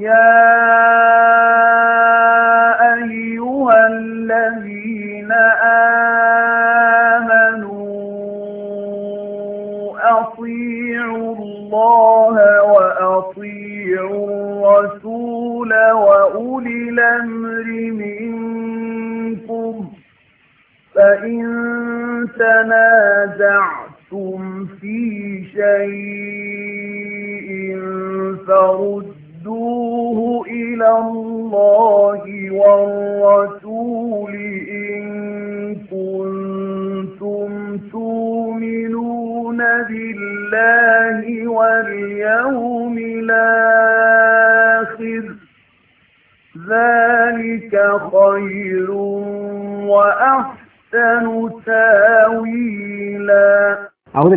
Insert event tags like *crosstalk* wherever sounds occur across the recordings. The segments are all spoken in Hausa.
يا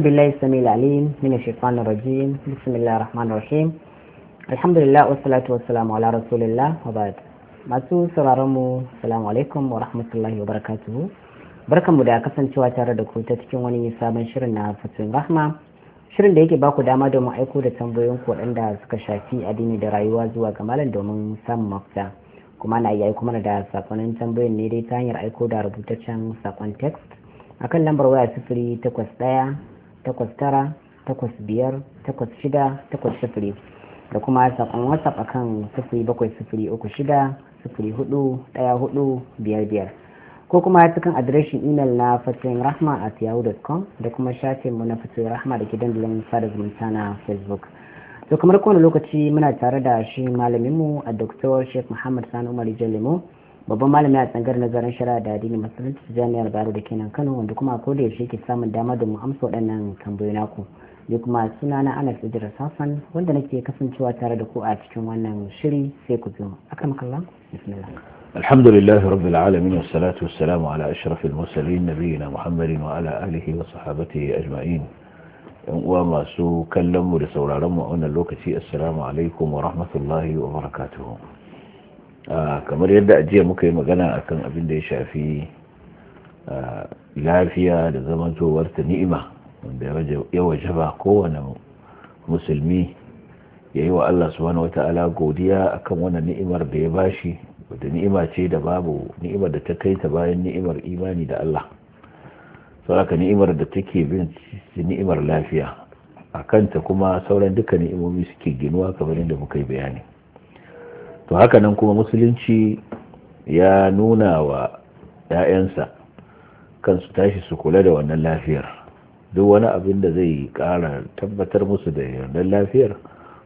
بالله السميع العليم من الشيطان الرجيم بسم الله الرحمن الرحيم الحمد لله والصلاة والسلام على رسول الله وبعد masu sauraronmu salamu alaikum wa rahmatullahi wa barakatuhu barkanmu da kasancewa tare da ku ta cikin wani sabon shirin na fatin rahma shirin da yake ba ku dama domin aiko da tambayoyin ku waɗanda suka shafi addini da rayuwa zuwa ga malam domin samun mafita kuma na iya aiko mana da sakonin tambayoyin ne dai ta hanyar aiko da rubutaccen sakon text akan lambar waya sifiri takwas ɗaya takwas tara takwas biyar takwas shida takwas sifiri da kuma saƙon whatsapp akan sifiri bakwai sifiri uku shida sifiri hudu ɗaya hudu biyar biyar ko kuma cikin adireshin imel na fatin rahma at yahoo.com da kuma shafin mu na fatin rahma da ke dandalin sada zumunta na facebook to kamar kowane lokaci muna tare da shi malaminmu a dr sheikh muhammad sani umar jalimu babban malami a tsangar nazarin shara da addini masarauta su jami'ar baro da kenan kano wanda kuma ko da yaushe ke samun dama da mu amsa waɗannan tambayoyi naku ni suna na anas ijira safan wanda nake kasancewa tare da ku a cikin wannan shiri sai ku zo aka makalla bismillah alhamdulillah rabbil alamin wa salatu wa salamu ala ashrafil mursalin nabiyina muhammadin wa ala alihi wa sahabatihi ajma'in yan uwa masu kallon mu da sauraron mu wannan lokaci assalamu alaikum wa rahmatullahi wa barakatuhu kamar yadda a jiya muka yi magana a kan abin da ya shafi lafiya da zamantowar ta ni'ima wanda ya wajaba kowane musulmi ya yi wa Allah subhanahu wata'ala godiya akan wani ni'imar da ya bashi wadda ni'ima ce da babu ni'imar da ta kai ta bayan ni'imar imani da Allah aka ni'imar da take bin ni'imar lafiya a kanta kuma sauran duka ni'imomi suke ginuwa kamar yadda muka yi bayani to haka nan kuma musulunci ya nuna wa 'ya'yansa kansu tashi su kula da wannan lafiyar duk wani abin da zai kara tabbatar musu da yardar lafiyar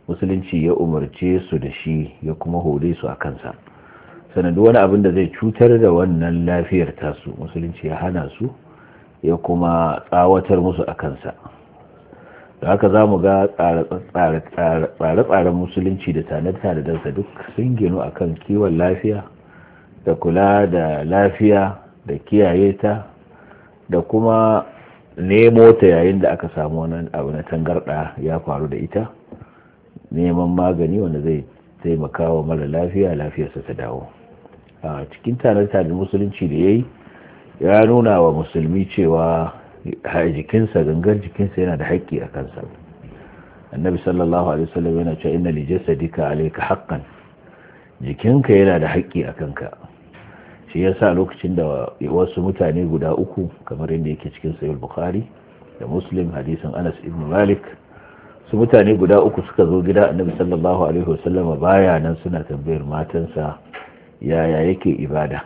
musulunci ya umarce su da shi ya kuma hore su a kansa sanadu wani abin da zai cutar da wannan lafiyar tasu musulunci ya hana su ya kuma tsawatar musu a kansa da haka za mu ga tsare-tsaren musulunci da da dansa duk sun ginu a kan kiwon lafiya da kula da lafiya da kiyaye ta da kuma nemo ta yayin da aka samu wani abu na tangarɗa ya faru da ita neman magani wanda zai taimaka wa mara lafiya lafiyarsa ta dawo a cikin da musulunci da ya yi ya nuna wa musulmi cewa jikinsa gangar jikinsa yana da haƙƙi a kansa annabi sallallahu alaihi wasallam yana cewa inna li alayka haqqan jikinka yana da haƙƙi a kanka shi yasa lokacin da wasu mutane guda uku kamar yadda yake cikin sahih bukhari da muslim hadisin anas ibn malik su mutane guda uku suka zo gida annabi sallallahu alaihi wasallam baya nan suna tambayar matansa yaya yake ibada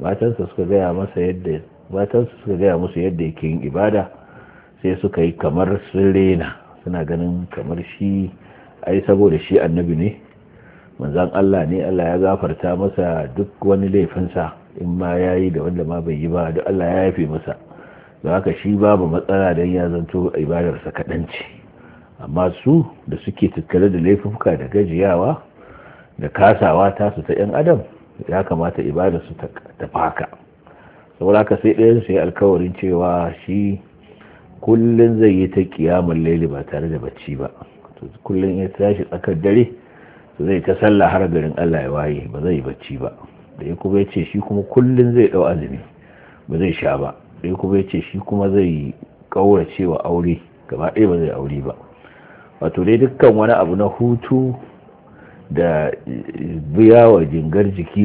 matansa suka gaya masa yadda matansu suka gaya musu yadda yake yin ibada sai suka yi kamar sun rena suna ganin kamar shi ai saboda shi annabi ne manzan Allah ne Allah ya gafarta masa duk wani laifinsa in ma ya yi da wanda ma bai yi ba duk Allah ya yafe masa da haka shi babu matsala don ya zanto ibadarsa kaɗan amma su da suke tattare da laifuka da gajiyawa da kasawa tasu ta 'yan adam ya kamata ibadarsu ta faka saboda ka sai ɗayan su alkawarin cewa shi kullum zai yi ta kiyamun laili ba tare da bacci ba kullum ya tashi tsakar dare zai ta sallah har garin Allah ya waye ba zai bacci ba da ya kuma ya ce shi kuma kullum zai ɗau azumi ba zai sha ba da ya kuma ya ce shi kuma zai ƙaura cewa aure gaba ɗaya ba zai aure ba wato dai dukkan wani abu na hutu da biya wa jingar jiki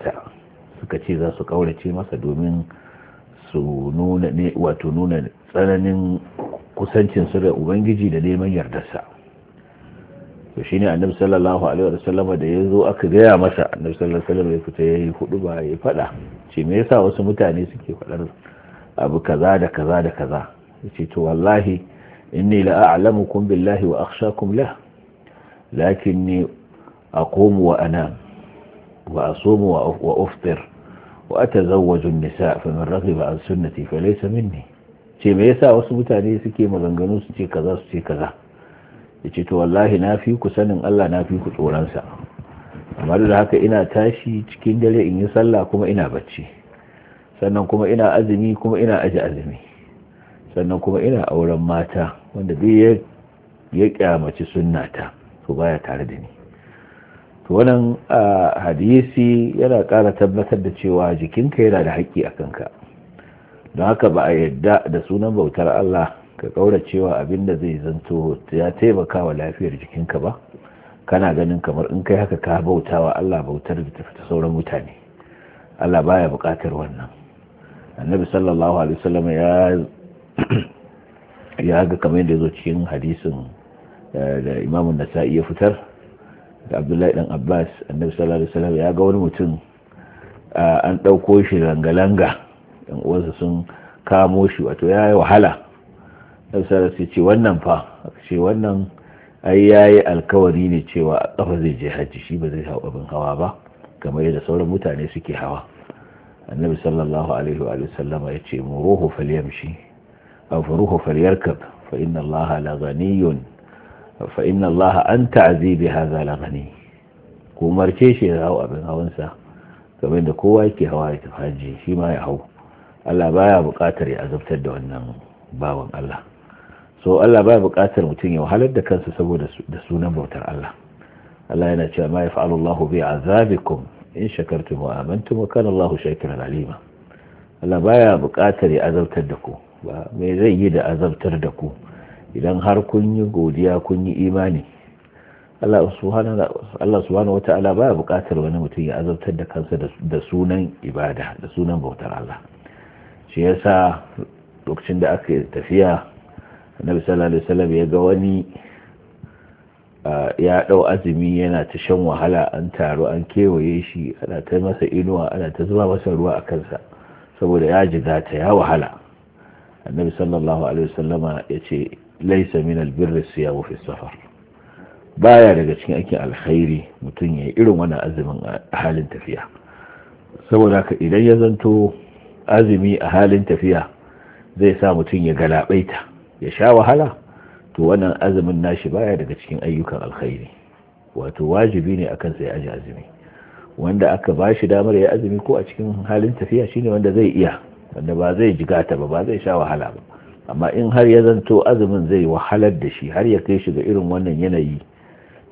ta. suka ce za su kaurace masa domin su nuna ne wato nuna tsananin kusancin su ga ubangiji da neman yardarsa to shine annabi sallallahu alaihi wa sallama da ya zo aka gaya masa annabi sallallahu alaihi wa sallam ya fita ya yi hudu ba ya faɗa ce me yasa wasu mutane suke faɗar abu kaza da kaza da kaza yace to wallahi inni la a'lamukum billahi wa akhshakum lah lakinni aqumu wa anam وأصوم وأفطر وأتزوج النساء فمن رغب عن سنتي فليس مني ce me yasa wasu mutane suke maganganu su ce kaza su ce kaza ya ce to wallahi na fi ku sanin Allah na fi ku tsoronsa amma da haka ina tashi cikin dare in yi sallah kuma ina bacci sannan kuma ina azumi kuma ina aji azumi sannan kuma ina auren mata wanda duk ya kyamaci sunnata to baya tare da ni to wannan hadisi yana ƙara tabbatar da cewa jikinka yana da haƙƙi a kanka don haka ba a yadda da sunan bautar Allah ka ƙaura cewa abin da zai zanto ya taimaka wa lafiyar jikinka ba kana ganin kamar in kai haka ka bauta wa Allah bautar da tafi ta sauran mutane Allah baya buƙatar wannan annabi sallallahu alaihi wasallam ya ya ga kamar yadda zo cikin hadisin eh, da imamun nasa'i ya fitar da abdullahi dan abbas annabi sallallahu alaihi wasallam ya ga wani mutum an ɗauko shi langa-langa yan uwansa sun kamo shi wato ya yi wahala dan sallallahu alaihi ce wannan fa ce wannan ai yayi alkawari ne cewa a kafa zai je hajji shi ba zai hau abin hawa ba kamar yadda sauran mutane suke hawa annabi sallallahu alaihi wa sallama ya ce muruhu falyamshi aw faruhu falyarkab fa inna allaha la ghaniyun fa inna an ta'zi bi hadha la ghani shi ya hau abin hawansa kamar da kowa yake hawa a tafi haji shi ya hau Allah baya buƙatar ya azabtar da wannan bawan Allah so Allah baya buƙatar mutum ya wahalar da kansa saboda da sunan bautar Allah Allah yana cewa ma yaf'alu Allahu bi azabikum in shakartum wa amantum wa kana Allahu shakiran alima Allah baya buƙatar ya azabtar da ku ba me zai yi da azabtar da ku idan har kun yi godiya kun yi imani Allah subhanahu wa ta'ala baya bukatar wani mutum ya azabtar da kansa da sunan ibada da sunan bautar Allah shi ya sa lokacin da aka tafiya annabi sallallahu alaihi wasallam ya ga wani ya dau azumi yana ta shan wahala an taru an kewaye shi ana ta masa inuwa ana ta zuba masa ruwa a kansa saboda ya jigata ya wahala annabi sallallahu alaihi wasallama ya ce laisa min albirri siyamu fi safar baya daga cikin aikin alkhairi mutum ya yi irin wani azumin a halin tafiya saboda ka idan ya zanto azumi a halin tafiya zai sa mutum ya galabaita ya sha wahala to wannan azumin nashi baya daga cikin ayyukan alkhairi wato wajibi ne akan sai aji azumi wanda aka ba shi damar ya azumi ko a cikin halin tafiya shine wanda zai iya wanda ba zai jigata ba ba zai sha wahala ba amma in har ya zanto azumin zai wahalar da shi har ya kai shiga irin wannan yanayi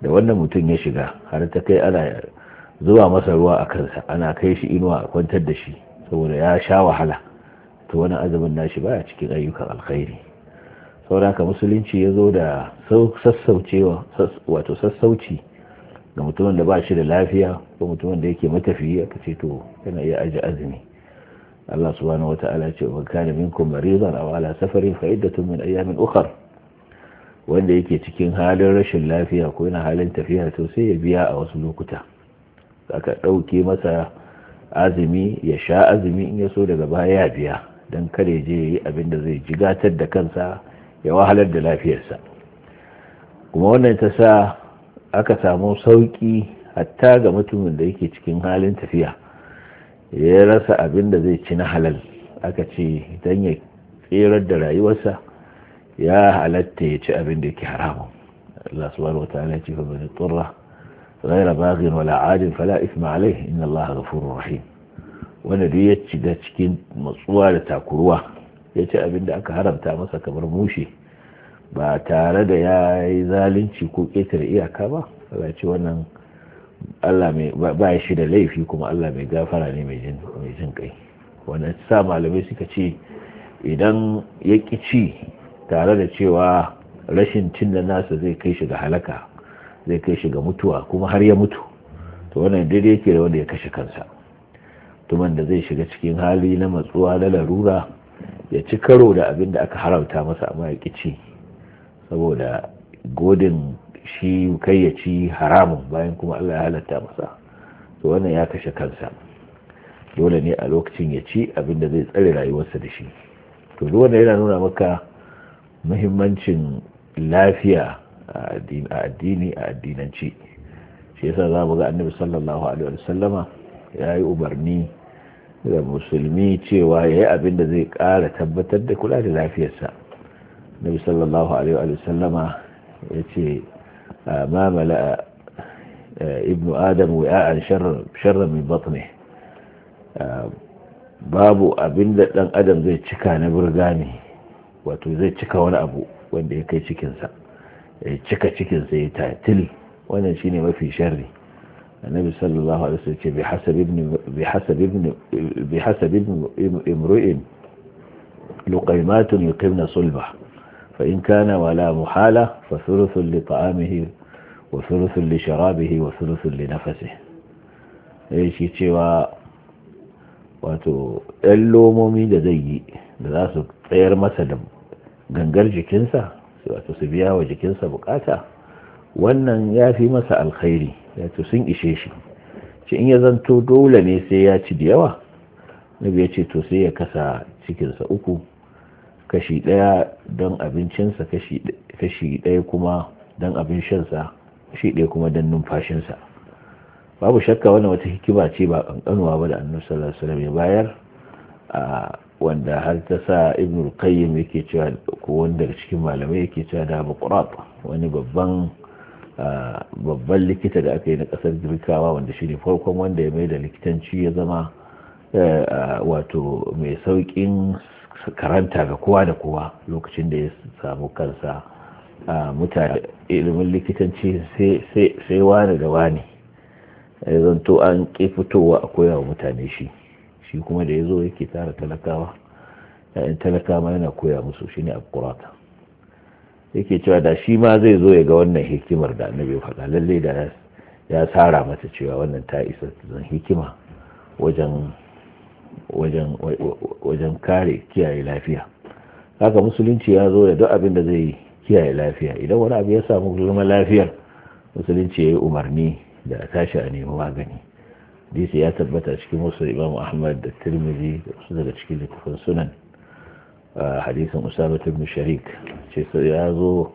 da wannan mutum ya shiga har ta kai ana zuwa masa ruwa a kansa ana kai shi inuwa a kwantar da shi saboda ya sha wahala to wani azumin nashi baya cikin ayyukan alkhairi sauraka musulunci ya zo da sassaucewa wato sassauci ga mutumin da ba shi da lafiya ko mutumin da yake matafiya ka ce to yana iya aji azumi Allah subhanahu wata'ala ce wa kana minkum maridan aw ala safarin fa iddatu min ayamin ukhra wanda yake cikin halin rashin lafiya ko yana halin tafiya to sai ya biya a wasu lokuta aka ɗauke masa azumi ya sha azumi in ya so daga baya ya biya dan kare je yi abin da zai jigatar da kansa ya wahalar da lafiyarsa kuma wannan ta sa aka samu sauki hatta ga mutumin da yake cikin halin tafiya ya rasa abin da zai ci na halal aka ce don ya tserar da rayuwarsa ya halatta ya ci abin da yake haramun Allah subhanahu wa ta'ala ce fa bani turra ghayra baghin wala adin fala isma alayhi inna Allah ghafurur rahim wanda duk ya ci da cikin matsuwa da takuruwa ya ci abin da aka haramta masa kamar mushi ba tare da ya yi zalunci ko ƙetare iyaka ba Allah ce wannan Allah mai ba shi da laifi kuma Allah mai gafara ne mai jin kai wanda sa malamai suka ce idan ya ci tare da cewa rashin cin da nasa zai kai shi ga halaka zai kai shi ga mutuwa kuma har ya mutu to wannan daidai yake da wanda ya kashe kansa tuman da zai shiga cikin hali na matsuwa na larura ya ci karo da abin da aka haramta masa amma ya ci saboda godin shi kai ya ci haramun bayan kuma Allah ya halatta masa to wannan ya kashe kansa dole ne a lokacin ya ci abin da zai tsare rayuwarsa da shi to duk wanda yana nuna maka muhimmancin lafiya a addini a addinanci shi yasa za mu ga annabi sallallahu alaihi wasallama ya yi umarni ga musulmi cewa ya yi abin da zai ƙara tabbatar da kula da lafiyarsa annabi sallallahu alaihi wasallama ya ce ما ملأ آه، ابن آدم وعاء شر شر من بطنه آه، بابو أبن لأن أدم زي تشكى نبرغاني واتو زي تشكى ولا أبو وان دي كي تشكى نسا تشكى تشكى زي تاتل وانا شيني ما في شر النبي صلى الله عليه وسلم بحسب ابن بحسب ابن بحسب ابن امرئ لقيمات يقيمن صلبه فإن كان ولا محالة فثلث لطعامه وثلث لشرابه وثلث لنفسه إيش يتشوى wato ‘yan lomomi da zai yi da za su tsayar masa da gangar jikinsa wato su biya wa jikinsa buƙata. wannan ya fi masa alkhairi wato sun ishe shi ci in ya zanto dole ne sai ya ci da yawa nabi ya ce to sai ya kasa cikinsa uku kashi ɗaya don abincinsa kashi ɗaya kuma don abin shansa kashi ɗaya kuma don numfashinsa babu shakka wannan wata hikima ce ba kankanuwa ba da annabi sallallahu alaihi ya bayar a wanda har ta sa ibnu qayyim yake cewa ko wanda cikin malamai yake cewa da buqrat wani babban babban likita da aka yi na ƙasar girkawa wanda shi ne farkon wanda ya mai da likitanci ya zama eh, wato mai saukin karanta ga kowa da kowa lokacin da ya samu kansa a mutane ilimin likitanci sai wani da wani ya zanto an ƙi fitowa a koyawa mutane shi shi kuma da ya zo yake tara talakawa ‘ya'yan talakawa yana koya musu shi ne abkurata yake cewa da shi ma zai zo ya ga wannan hikimar da annabi ya faɗa lallai da ya tsara mata cewa wannan ta isa zan hikima wajen wajen kare kiyaye lafiya haka musulunci ya zo da duk abin da zai kiyaye lafiya idan wani abu ya samu zama lafiyar musulunci ya yi umarni da tashi a nemi magani disi ya tabbata cikin wasu imam ahmad da tirmidhi da wasu daga cikin littafin sunan hadisin usama ibn sharik ce ya zo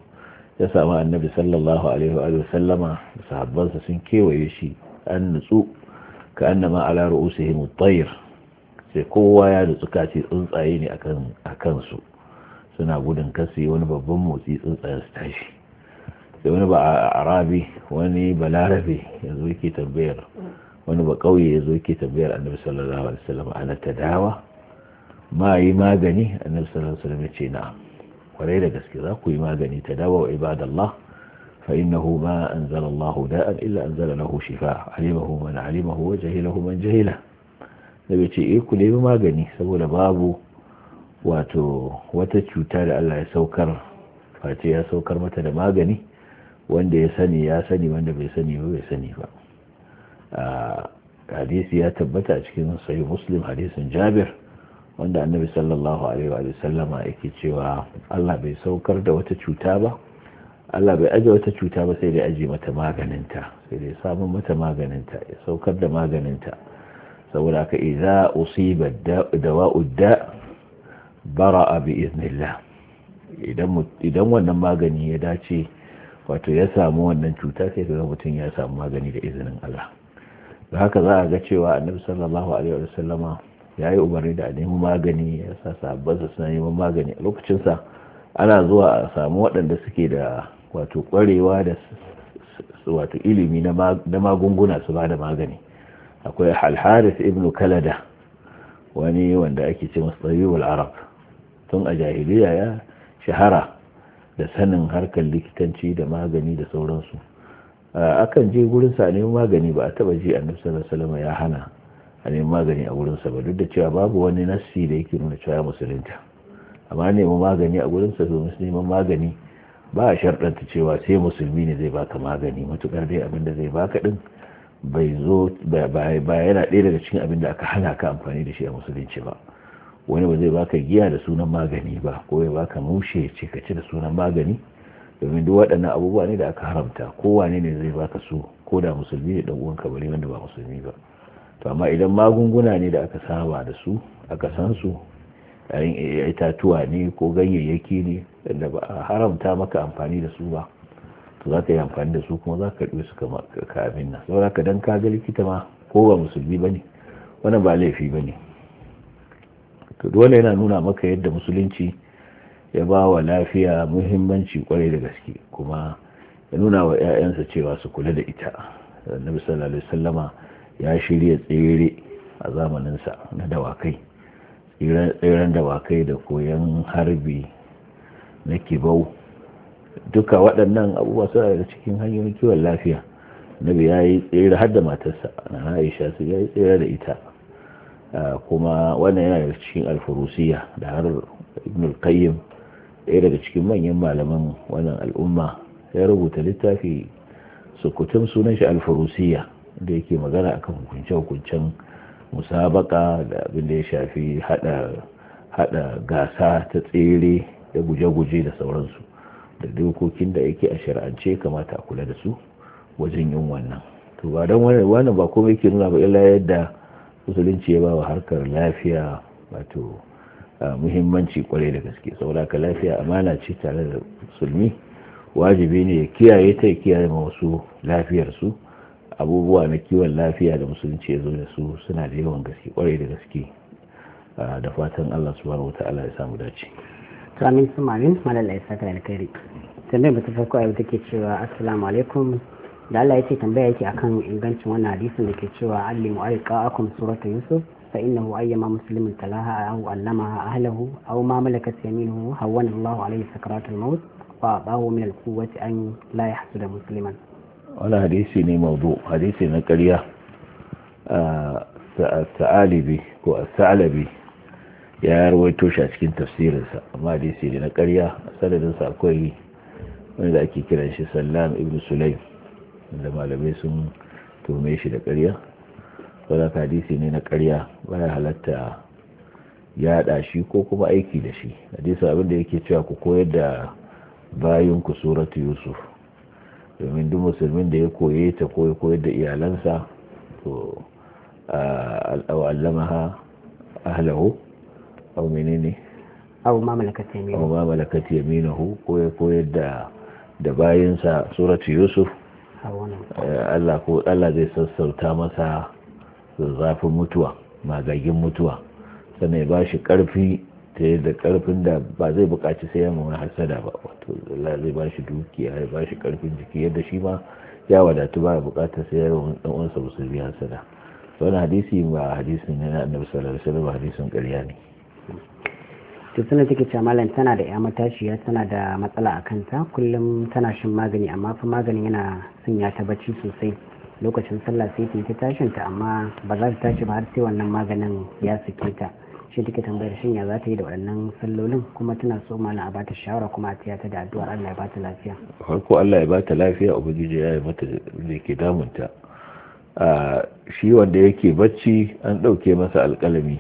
ya samu annabi sallallahu alaihi wa sallama sahabbansa sun kewaye shi an nutsu ka annama ala ru'usihim at-tayr sai kowa ya da suka ce tsuntsaye ne a kansu suna gudun kasi wani babban motsi tsuntsayen su tashi sai wani ba arabi wani balarabe ya zo yake tambayar wani ba kauye ya zo ke tambayar annabi sallallahu alaihi wasallam ana ta dawa ma yi magani annabi sallallahu alaihi wasallam ya ce na'am kwarai da gaske za ku yi magani ta dawa wa ibadallah فإنه ما أنزل الله داء anzala lahu shifa alimahu علمه alimahu علمه وجهله من جهله da ce eh ku nemi magani saboda babu wato wata cuta da Allah ya saukar face ya saukar mata da magani wanda ya sani ya sani wanda bai sani ba bai sani ba hadisi ya tabbata a cikin sahih muslim hadisin jabir wanda annabi sallallahu alaihi wa sallama yake cewa Allah bai saukar da wata cuta ba Allah bai aje wata cuta ba sai dai aje mata maganinta sai dai samun mata maganinta ya saukar da maganinta saboda aka iza usiba dawa'ud da bara'a bi iznillah idan wannan magani ya dace wato ya samu wannan cuta sai ga mutum ya samu magani da izinin Allah da haka za a ga cewa annabi sallallahu alaihi wa sallama ya yi umarni da a nemi magani ya sa sabbin suna neman magani a lokacinsa ana zuwa a samu waɗanda suke da wato ƙwarewa da wato ilimi na magunguna su ba da magani akwai halharis ibnu kalada wani wanda ake ce masu arab tun a jahiliya ya shahara da sanin harkar likitanci da magani da sauransu akan je gurinsa a neman magani ba a taba ji a nufsar salama ya hana a neman magani a gurinsa ba duk da cewa babu wani nassi da yake nuna cewa musulunta amma neman magani a gurinsa domin neman magani ba a sharɗanta cewa sai musulmi ne zai baka magani matukar dai abin da zai baka din bai zo ba yana ɗaya daga cikin abin da aka hana ka amfani da shi a musulunci ba wani ba zai baka giya da sunan magani ba ko ya baka mushe ce ka ci da sunan magani domin duk waɗannan abubuwa ne da aka haramta ko wane ne zai baka su ko da musulmi ne ɗan uwan kabari wanda ba musulmi ba to amma idan magunguna ne da aka saba da su aka san su yayin eh, itatuwa ne ko ganyayyaki ne da ba a haramta maka amfani da su ba to za ka yi amfani da su kuma za ka ɗuwe su ka abin nan saboda ka dan ka ga likita ma ko ba musulmi ba ne wani ba laifi ba ne to dole yana nuna maka yadda musulunci ya ba wa lafiya muhimmanci kwarai da gaske kuma ya nuna wa 'ya'yansa cewa su kula da ita annabi sallallahu alaihi wasallama ya shirya tsere a zamaninsa na dawakai tseren dawakai da koyon harbi na kibau duka waɗannan abubuwa suna daga cikin hanyoyin kiwon lafiya nabi ya yi tsere har da matarsa na aisha su ya yi tsere da ita kuma wannan yana da cikin alfurusiya da har ibn al-qayyim ɗaya daga cikin manyan malaman wannan al'umma ya rubuta littafi sukutum sunan shi alfurusiya da yake magana akan hukunce-hukuncen musabaka da abin da ya shafi hada gasa ta tsere da guje-guje da sauransu da dokokin da yake a shari'ance kamata a kula da su wajen yin wannan to ba don wannan ba komai yake nuna ba illa yadda musulunci ya bawa wa harkar lafiya wato muhimmanci kwarai da gaske saboda ka lafiya amana ce tare da musulmi wajibi ne ya kiyaye ta ya kiyaye ma wasu lafiyarsu abubuwa na kiwon lafiya da musulunci ya zo da su suna da yawan gaske kwarai da gaske da fatan allah subhanahu wa ta'ala ya samu dace to amin su mamin malalla ya saka alkhairi tambayar ba ta farko a yau ke cewa assalamu alaikum da Allah ya ce tambaya yake akan ingancin wannan hadisin da ke cewa allimu alqa akum suratu yusuf fa innahu ayyama muslimin talaha aw allamaha ahlahu aw ma malakat yaminuhu hawwana Allahu alayhi sakaratul maut wa abahu min alquwwati an la yahsuda musliman wani hadisi ne maudu hadisi na ƙarya ah, a sa'alibi ko a ya rawaito shi a cikin tafsirinsa amma hadisi ne na ƙarya sanadinsa akwai wanda ake kiran shi sallam ibn sulaim da malamai sun tome shi da ƙarya saboda hadisi ne na ƙarya baya halatta yaɗa shi ko kuma aiki da shi hadisi abin da yake cewa ku koyar da bayin ku suratu yusuf domin duk musulmin da ya koye ta ko ya koyar da iyalansa to allamaha ahlahu au menene au ma malakat yaminu ma malakat ko ya koyar da da sa suratu yusuf eh, Allah ko Allah zai sassauta masa zafin mutuwa magagin mutuwa sannan ya ba shi karfi ta yadda karfin da ba zai bukaci sai yamma wani hasada ba wato Allah zai ba shi dukiya ya ba shi karfin jiki yadda shi ma ya wadatu ba ya bukata sai ya wani dan uwansa musulmi hasada wani hadisi ba hadisi ne na annabi sallallahu alaihi wasallam hadisin ƙarya ne to suna take cewa malam tana da ya matashiya tana da matsala a kanta kullum tana shan magani amma fa maganin yana sanya ta bacci sosai lokacin sallah sai ta yi ta tashin ta amma ba za ta tashi ba har sai wannan maganin ya sake ta shi take tambayar shin ya za ta yi da waɗannan sallolin kuma tana so malam a bata shawara kuma a tiyata da addu'ar Allah ya bata lafiya farko Allah ya bata lafiya ubangiji ya yi mata da ke damunta a ah, shi wanda yake bacci an ɗauke masa alƙalami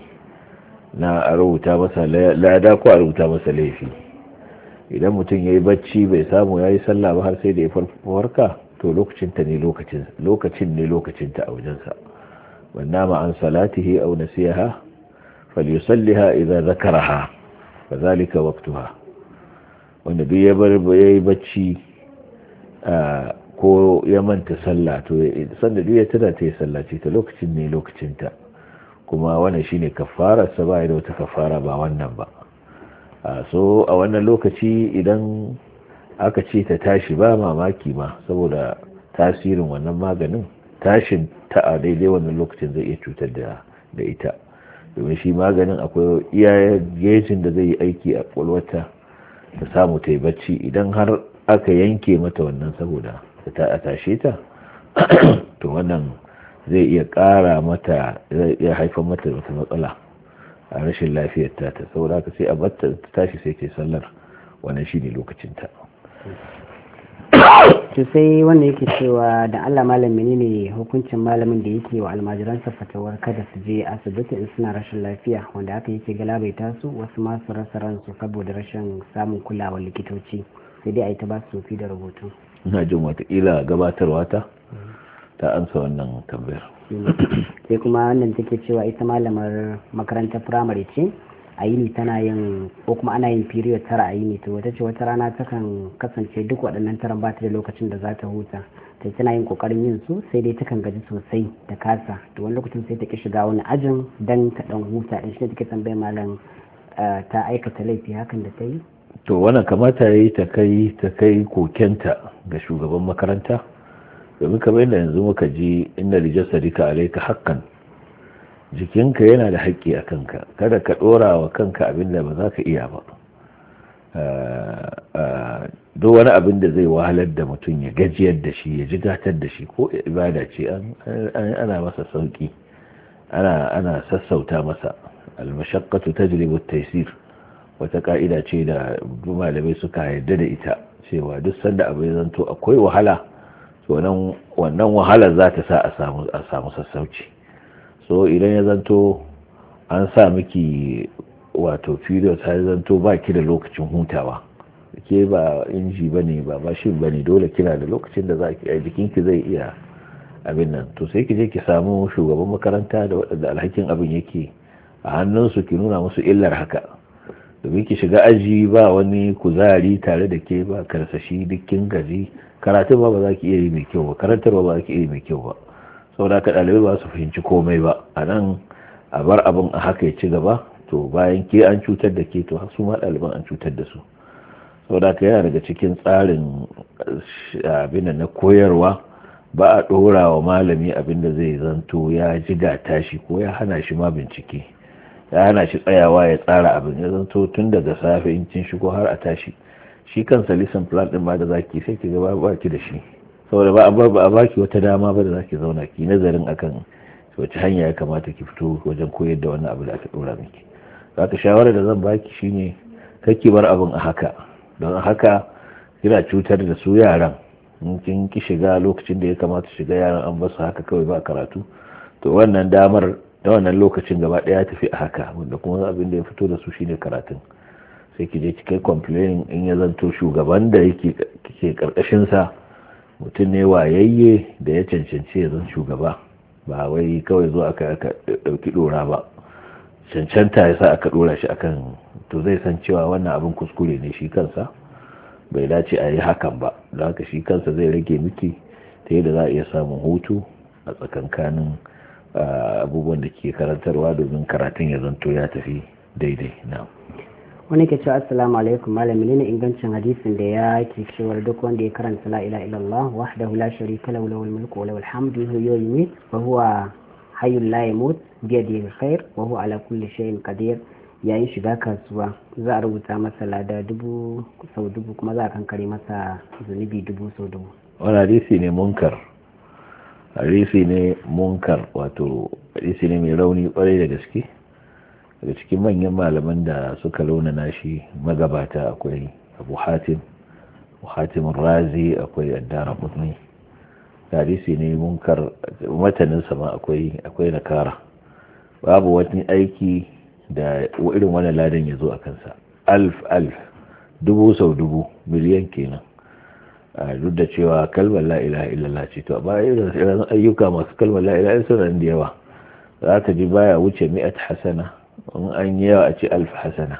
na a rubuta masa lada ko a rubuta masa laifi idan mutum ya yi bacci bai samu ya yi sallah ba har sai da ya farka to lokacinta ne lokacin ne lokacinta a wajensa wanda nama an salatihi aw zakara ha ba zakaraha waktu ha? wanda duk ya bar yayi bacci ko ya manta sallah to sanda duk ya tana ta yi sallaci ta lokacin ne lokacinta kuma wannan shine kafarar sa ba da wata kafara ba wannan ba so a wannan lokaci idan aka ce ta tashi ba mamaki ma saboda tasirin wannan maganin tashin ta a daidai wannan lokacin zai iya cutar da ita domin shi maganin akwai iya gejin da zai yi aiki a kwalwata ta samu ta yi bacci idan har aka yanke mata wannan saboda ta tashe ta *coughs* to wannan zai iya ƙara mata zai iya haifar mata wata matsala a rashin lafiyar ta ta saboda haka sai a batta ta tashi sai ke sallar wannan shine lokacin ta to sai wanda yake cewa da Allah malam menene hukuncin malamin da yake wa almajiransa fatawar kada su je asibiti in suna rashin lafiya wanda haka yake galabaita su wasu ma su rasa ransu saboda rashin samun kulawa likitoci sai dai a yi ta ba su fi da rubutu ina jin watakila gabatarwa ta ta amsa wannan tambayar *coughs* sai kuma wannan take cewa ita malamar makarantar firamare ce a yini tana yin ko kuma ana yin period tara a yini to wata ce wata rana takan kasance duk waɗannan taran ba ta da lokacin da za ta huta ta tana yin kokarin yin su sai dai takan gaji sosai da kasa to wani lokacin sai ta ki shiga wani ajin dan ta dan huta in shi take tambayar malam ta aikata laifi hakan da ta yi to wannan kamata yayi ta kai ta kai kokenta ga shugaban makaranta domin kamar yadda yanzu muka ji inna a laika hakan jikinka yana da haƙƙi a kanka kada ka ɗora wa kanka abin da ba za ka iya ba eh, eh, duk wani abin da zai wahalar da mutum ya gajiyar da shi ya jigatar da shi ko ibada ce ana masa sauƙi ana sassauta masa almashakkatu tajribu taisir wata ka'ida ce da malamai suka yarda da ita cewa duk sanda abu ya zanto akwai wahala to wannan wahalar za ta sa a samu sassauci so idan ya zanto an sa miki wato period ta zanto ba ki da lokacin hutawa ke ba inji ba ne ba mashin ba ne dole kina da lokacin da za ki a jikinki zai iya abin nan to sai ki je ki samu shugaban makaranta da waɗanda alhakin abin yake a hannunsu ki nuna musu illar haka domin ki shiga aji ba wani kuzari tare da ke ba karsashi dukkin gaji karatun ba ba za ki iya yi mai kyau ba karantar ba za ki iya yi mai kyau ba saboda ka dalibai ba su fahimci komai ba a nan a bar abin a haka ya ci gaba to bayan ke an cutar da ke to su ma ɗaliban an cutar da su saboda ka yana daga cikin tsarin eh, abin na koyarwa ba a ɗora wa malami abin da zai zanto ya ji tashi ko ya hana shi ma bincike ya hana shi tsayawa ya tsara abin ya zanto tun daga safe in kin shigo har a tashi shi kan salisan plan din ma da zaki sai ki gaba ba ki da shi saboda ba ba a baki wata dama ba da zaki zauna ki nazarin akan wace hanya ya kamata ki fito wajen koyar da wannan abu da aka dora miki zaka shawara da zan baki shine kake bar abin a haka don haka kina cutar da su yaran in kin ki shiga lokacin da ya kamata shiga yaran an basu haka kawai ba karatu to wannan damar da wannan lokacin gaba daya tafi a haka wanda kuma abin da ya fito da su shine karatun sai ki je ki kai complain in ya zanto shugaban da yake karkashin sa mutum ne wayayye da ya cancanci ya zan shugaba ba wai kawai zo aka aka dauki dora ba cancanta ya sa aka dora shi akan to zai san cewa wannan abin kuskure ne shi kansa bai dace a yi hakan ba da haka shi kansa zai rage miki ta yadda za a iya samun hutu a tsakankanin ah, abubuwan da ke karantarwa domin karatun ya zanto ya tafi daidai na wani ke cewa assalamu alaikum malami ne ingancin hadisin da ya ke cewar duk wanda ya karanta la ila illallah wahdahu la sharika lahu lahul mulku wa lahul hamdu huwa yuhyi wa huwa hayyul la yamut bi yadihi khair wa huwa ala kulli shay'in qadir yayin shiga kasuwa za a rubuta masa lada dubu sau dubu kuma za a kankare masa zunubi dubu sau dubu wani hadisi ne munkar hadisi ne munkar wato hadisi ne mai rauni kwarai da gaske daga cikin manyan malaman da suka launana shi magabata akwai abu hatim Abu-Hatim razi akwai addara kutni hadisi ne munkar matanin sama akwai akwai nakara babu wani aiki da irin wani ladan ya zo a kansa alf alf dubu sau dubu miliyan kenan duk da cewa kalmar la ilaha illallah ce to ba irin ayyuka masu kalmar la ilaha suna da yawa za ka ji baya wuce mi'at hasana in an yi yawa a ce alf hasana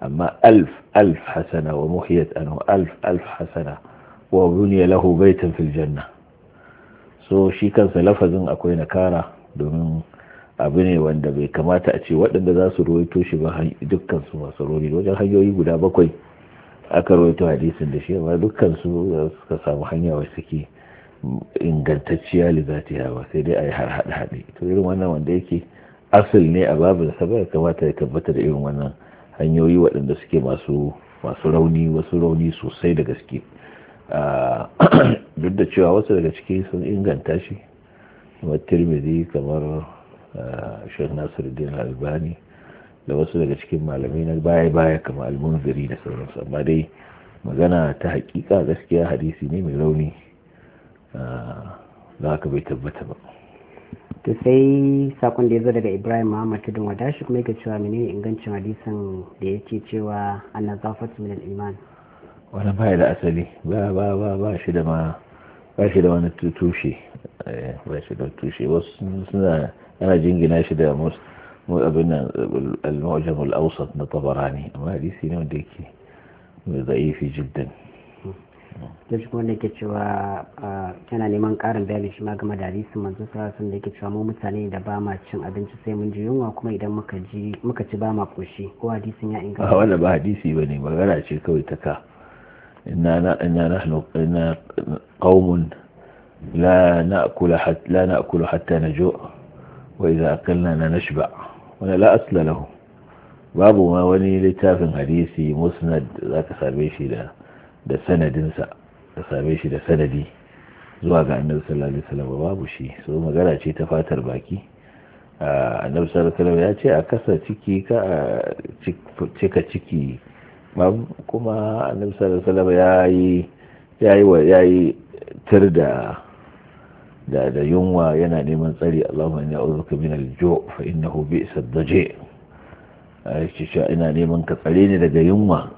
amma alf alf hasana wa muhiyat anu alf alf hasana wa buniya lahu bai fil janna so shi kansa lafazin akwai nakara domin abu ne wanda bai kamata a ce waɗanda za su rawaito shi ba dukkan su masu rori wajen hanyoyi guda bakwai aka rawaito hadisin da shi amma dukkan su suka samu hanya wa suke ingantacciya lizatiya ba sai dai a yi har haɗe-haɗe to irin wannan wanda yake asil ne a babin sa ya kamata ya tabbata da irin wannan hanyoyi waɗanda suke masu rauni wasu rauni sosai da gaske ah, *clears throat* duk da cewa wasu daga ciki sun inganta shi kamar tirmidhi kamar ah, shek nasiruddin albani da wasu daga cikin malamai na baya-baya kamar almunziri da sauransu amma dai magana ta hakika gaskiya hadisi ne mai rauni ah, za ka bai tabbata ba to sai sakon da ya zo daga ibrahim muhammad tudun wada shi kuma yake cewa menene ingancin hadisin da ya ce cewa annazafatu min iman wani ba da asali ba ba ba ba shi da ma ba shi da wani tushe eh, ba shi da tushe wasu suna yana jingina shi da mu abin al-mu'jam al-awsat na tabarani amma hadisi ne wanda yake mai zaifi jiddan to shi wanda yake cewa tana neman karin bayani shi ma game da hadisin manzo sallallahu da yake cewa mu mutane da ba ma cin abinci sai mun ji yunwa kuma idan muka ji muka ci ba ma koshi ko hadisin ya inganta wanda ba hadisi bane magana ce kawai ta ka inna inna nahnu inna qaumun la na'kula hatta la na'kulu hatta naju wa idza na nashba wala la asla lahu babu ma wani littafin hadisi musnad zaka same shi da da sanadinsa ka same shi da sanadi zuwa ga annabi sallallahu alaihi wasallam babu shi so magana ce ta fatar baki annabi sallallahu alaihi ya ce a kasa ciki ka cika ciki kuma annabi sallallahu alaihi wasallam ya yi yayi wa yayi da da da yunwa yana neman tsari Allahumma inni a'udhuka min al-ju' fa innahu bi'sa ad-daji' ina neman ka tsare ni daga yunwa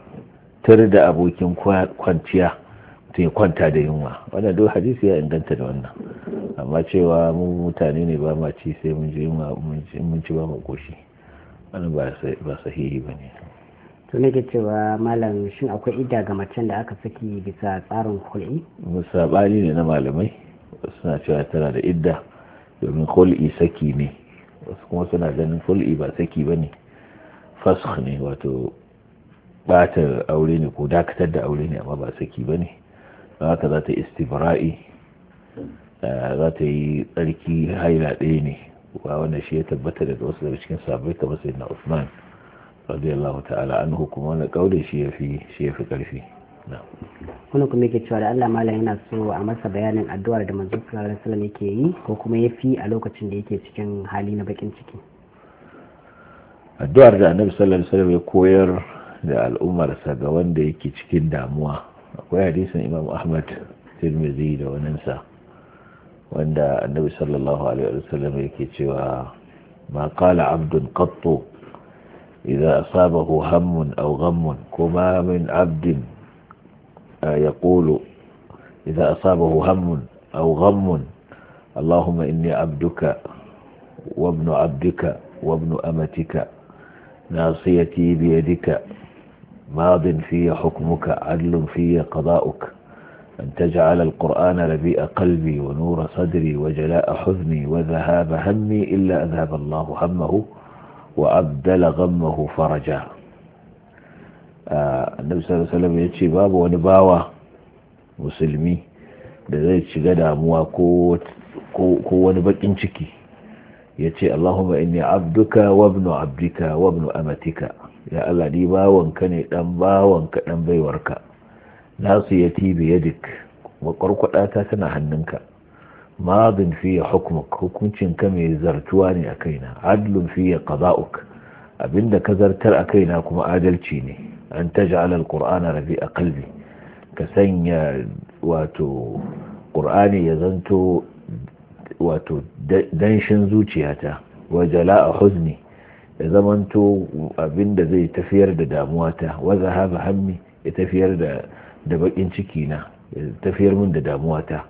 tur da abokin kwanciya ta kwanta da yunwa wannan duk hadisi ya inganta da wannan amma cewa mu mutane ne ba ma ci sai mun ji yunwa mun ci ba mu goshi wannan ba sahihi ba ne to ne ke cewa malam shin akwai idda ga macen da aka saki bisa tsarin kul'i musabani ne na malamai suna cewa tana da idda domin kul'i saki ne wasu kuma suna ganin kul'i ba saki ba ne fask ne wato bata aure ne ko dakatar da aure ne amma ba saki ba ne haka za ta istibra'i eh, za ta yi tsarki haila ɗaya ne ba wanda shi ya tabbata da wasu daga cikin sabai kamar sai na usman radiyallahu ta'ala an hukuma wani kaure shi ya fi shi ya fi karfi kuna kuma yake cewa da Allah malam yana so a masa bayanin addu'ar da manzo sallallahu yake yi ko kuma ya fi a lokacin da yake cikin hali na bakin ciki addu'ar da annabi sallallahu alaihi wasallam ya koyar da al'ummarsa ga wanda yake cikin damuwa akwai hadisin imam ahmad tirmidhi da waninsa wanda annabi sallallahu alaihi wasallam yake cewa ma qala abdun qattu idza asabahu hammun aw ghammun kuma min abdin yaqulu idza asabahu hammun aw ghammun allahumma inni abduka وابن عبدك وابن أمتك ناصيتي بيدك ماض في حكمك عدل في قضاؤك أن تجعل القرآن ربيء قلبي ونور صدري وجلاء حزني وذهاب همي إلا أذهب الله همه وأبدل غمه فرجا آه، النبي صلى الله عليه وسلم يتشي باب ونباوة مسلمي لذلك zai shiga damuwa ko wani bakin يتشي اللهم إني عبدك وابن عبدك وابن أمتك ya Allah ni bawanka ne dan bawanka dan baiwarka nasu yati bi yadik makwarkwada ta tana hannunka madin fi hukmuk hukuncin ka mai zartuwa ne a kaina adlun fi qada'uk abinda ka zartar a kaina kuma adalci ne an taj'al alqur'ana a qalbi ka sanya wato qur'ani ya zanto wato danshin zuciyata wa jala'a huzni ya zamanto abin da zai tafiyar da damuwata waza haza hammi ya tafiyar da da bakin ciki na ya tafiyar min da damuwata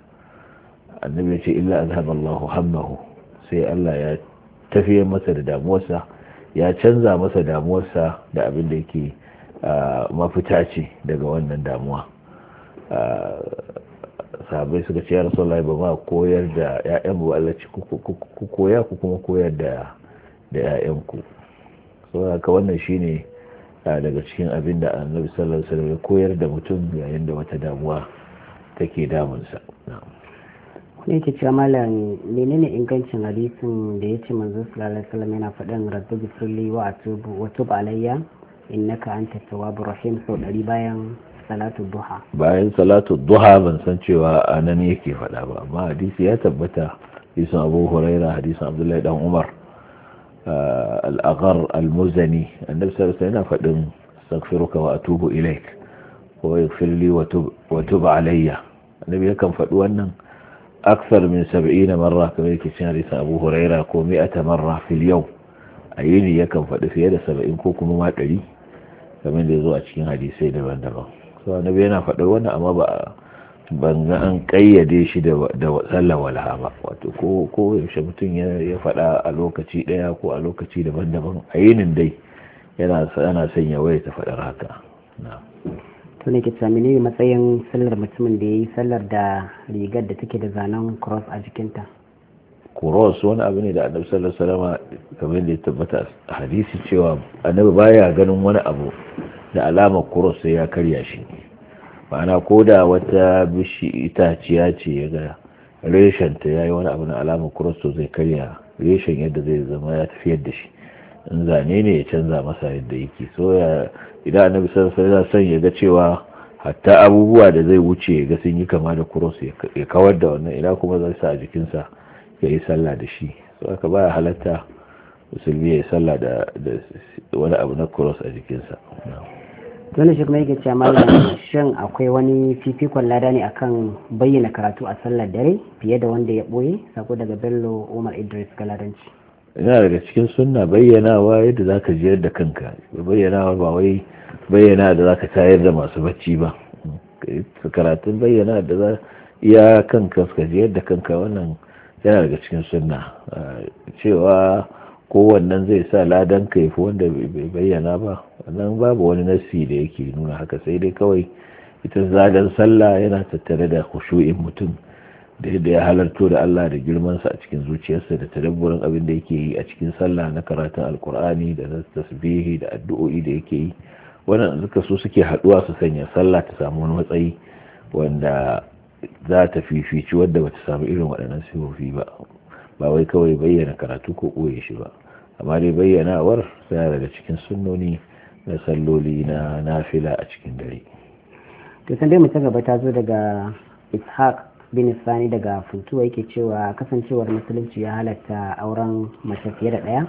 annabi ya ce illa azhaba Allahu hammahu sai Allah ya tafiyar masa da damuwarsa ya canza masa damuwarsa da abin da yake mafita ce daga wannan damuwa sabai suka ce ya rasulullahi ba ma koyar da 'ya'yan ba Allah ku koya ku kuma koyar da 'ya'yanku saboda ka wannan shine ah, daga cikin abin da annabi sallallahu alaihi wasallam ya koyar da mutum yayin da wata damuwa take damunsa kuma yake cewa malam menene ingancin hadisin da ya ce manzo sallallahu alaihi wasallam yana faɗin rabbi gifirli wa atubu wa tub alayya innaka anta tawwabur rahim sau ɗari bayan salatu duha bayan salatu duha ban san cewa anan yake faɗa ba amma hadisi ya tabbata hadisin abu huraira hadisin abdullahi dan umar al'agar al-muzani annabi sallallahu yana faɗin astaghfiruka wa atubu ilaik ko ya li wa tub alayya annabi yakan faɗi wannan aksar min 70 marra kamar yake cin hadisi Abu Huraira ko 100 marra fil yawm ayini yakan faɗi fiye da saba'in, ko kuma ma ɗari. kamar da yazo a cikin hadisai daban-daban so annabi yana faɗar wannan amma ba ban ga an kayyade shi da sallar walha ba wato ko ko yaushe mutum ya faɗa a lokaci ɗaya ko a lokaci daban-daban a yinin dai yana ana sanya waya waye ta faɗar haka to ne ke tsamini matsayin sallar mutumin da ya yi sallar da rigar da take da zanen cross a jikinta cross wani abu ne da annabi sallallahu alaihi wasallam kamar da ya tabbata hadisi cewa annabi baya ganin wani abu da alamar cross sai ya karya shi ma'ana ko da wata bishi itaciya ce ya ga reshen ta yayi wani abu na alama kurasto zai karya reshen yadda zai zama ya tafiyar da shi in zane ne ya canza masa yadda yake so ya idan annabi sallallahu alaihi wasallam ya ga cewa hatta abubuwa da zai wuce ya ga sun yi kama da kuros ya kawar da wannan idan kuma zai sa a jikinsa ya yi sallah da shi so aka baya halatta musulmi ya yi sallah da wani abu na kuros a jikinsa tuni shi kuma yake cewa malam shin akwai wani fifikon lada ne akan bayyana karatu a sallar dare fiye da wanda ya boye sako daga bello umar idris galadanci yana daga cikin sunna bayyanawa yadda za ka jiyar da kanka bayyanawa ba wai bayyana da za ka tayar da masu bacci ba karatun bayyana da za iya kanka ka jiyar da kanka wannan yana daga cikin sunna ah, cewa kowannan zai sa ladan ka yafi wanda bai bayyana ba wannan babu wani nassi da yake nuna haka sai dai kawai ita zagan sallah yana tattare da khushu'in mutum da yadda ya halarto da Allah da girmansa a cikin zuciyarsa da tadabburin abin da yake yi a cikin sallah na karatun alkur'ani da na tasbihi da addu'o'i da yake yi wannan duka su suke haduwa su sanya sallah ta samu wani matsayi wanda za ta fifici wadda bata samu irin waɗannan sifofi ba ba wai kawai bayyana karatu ko ɓoye shi ba amma dai bayyanawar suna daga cikin sunnoni na salloli na nafila a cikin dare to san dai mu ta gaba ta zo daga ishaq bin sani daga funtuwa yake cewa kasancewar musulunci ya halatta auren mace fiye da daya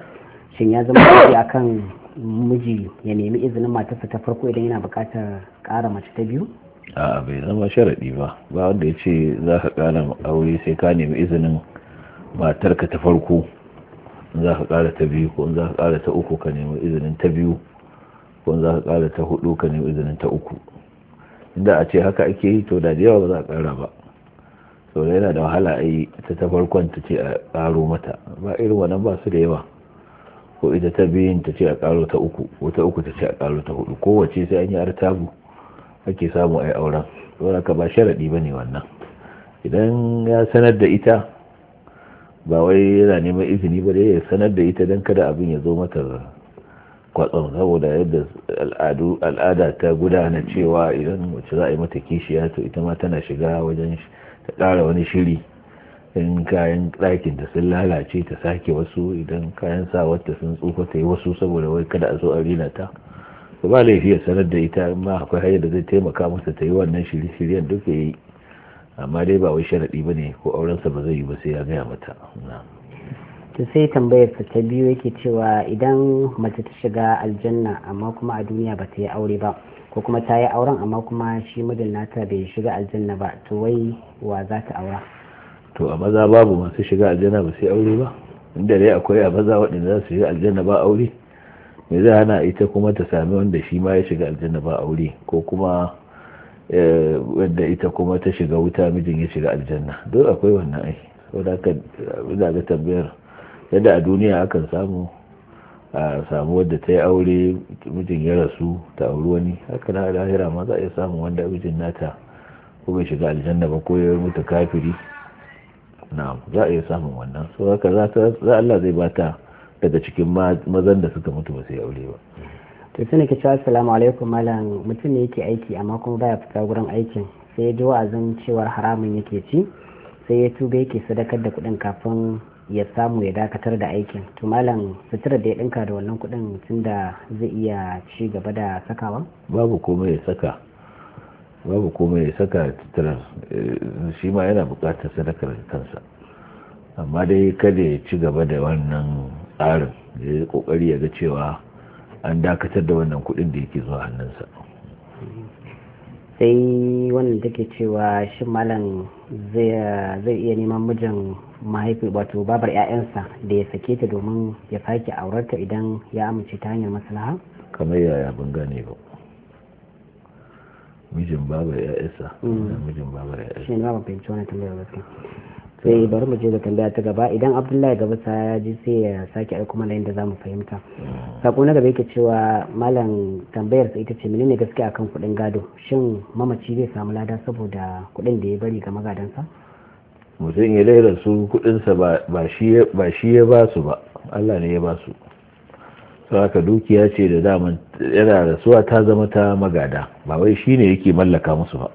shin ya zama a akan miji ya nemi izinin matarsa ta farko idan yana buƙatar ƙara mace ta biyu a bai zama sharaɗi ba ba wanda ya ce za ka ƙara aure sai ka nemi izinin matarka ta farko in za ka ƙara ta biyu ko in za ka ƙara ta uku ka nemi izinin ta biyu ko in za ka ƙara ta hudu ka nemi izinin ta uku inda a ce haka ake yi to da yawa ba za a ƙara ba sau da yana da wahala a yi ta ta farkon ta ce a ƙaro mata ba irin wannan ba su da yawa ko ita ta biyun ta ce a ƙaro ta uku ko ta uku ta ce a ƙaro ta hudu kowace sai an yi artabu ake samu a yi auren saboda ka ba sharaɗi ba ne wannan idan ya sanar da ita ba wai yana neman izini ba dai ya sanar da ita don kada abin ya zo mata kwatsam saboda yadda al'ada ta gudana cewa idan wacce za a yi mata kishiya to ita ma tana shiga wajen ta ƙara wani shiri in kayan ɗakin ta sun lalace ta sake wasu idan kayan sa wata sun tsufa ta yi wasu saboda wai kada a zo a rina ta ba laifi ya sanar da ita ma akwai hanyar da zai taimaka masa ta yi wannan shirye-shiryen duk ya yi amma dai ba wai sharaɗi ba ne ko aurensa ba zai yi ba sai ya gaya mata to sai tambayar sa ta biyu yake cewa idan mace ta shiga aljanna amma kuma a duniya ba ta yi aure ba ko kuma ta yi auren amma kuma shi mijin nata bai shiga aljanna ba to wai wa za ta aura to a maza babu masu shiga aljanna ba sai aure ba inda dai akwai a maza waɗanda za su shiga aljanna ba aure me zai hana ita kuma ta sami wanda shi ma ya shiga aljanna ba aure ko kuma Eh, wadda ita kuma ta shiga wuta mijin ya shiga aljanna duk akwai wannan ai saboda da ga tambayar yadda a duniya akan samu a samu wadda ta yi aure mijin ya rasu ta auri wani haka na lahira ma za a iya samun wanda mijin nata ko bai shiga aljanna ba ko ya mutu kafiri na za a iya samun wannan so haka za Allah zai bata daga cikin mazan da suka mutu ba sai aure ba to sai nake cewa assalamu alaikum malam mutum ne yake aiki amma kuma baya fita gurin aikin sai ya ji wa'azin cewar haramun yake ci sai ya tuba yake sadakar da kuɗin kafin ya samu ya dakatar da aikin to malam sutura da ya ɗinka da wannan kuɗin tunda zai iya ci gaba da sakawa babu komai ya saka babu komai ya saka eh, shi ma yana buƙatar sadakar kansa amma dai kada ya ci gaba da wannan tsarin da ya kokari ya ga cewa an dakatar da wannan kudin da yake zuwa hannunsa sai wannan take cewa shi malam zai iya neman mijin mahaifi wato babar 'ya'yansa da ya sake ta domin ya fake aurarta idan ya amince ta hanyar maslaha kamar yaya ban gane ba mijin babar 'ya'yansa hmm. mijin babar 'ya'yansa shi ne babar sai bari mu je da tambaya ta gaba idan abdullahi gaba sa ya ji sai ya sake aiko mana yadda za mu fahimta sako na gaba yake cewa malam tambayar sa ita ce menene gaskiya akan kuɗin gado shin mamaci zai samu lada saboda kuɗin da ya bari ga magadansa mutum ya laira su sa ba shi ya ba su ba allah ne ya ba su haka dukiya ce da daman yana rasuwa ta zama ta magada ba wai shine yake mallaka musu ba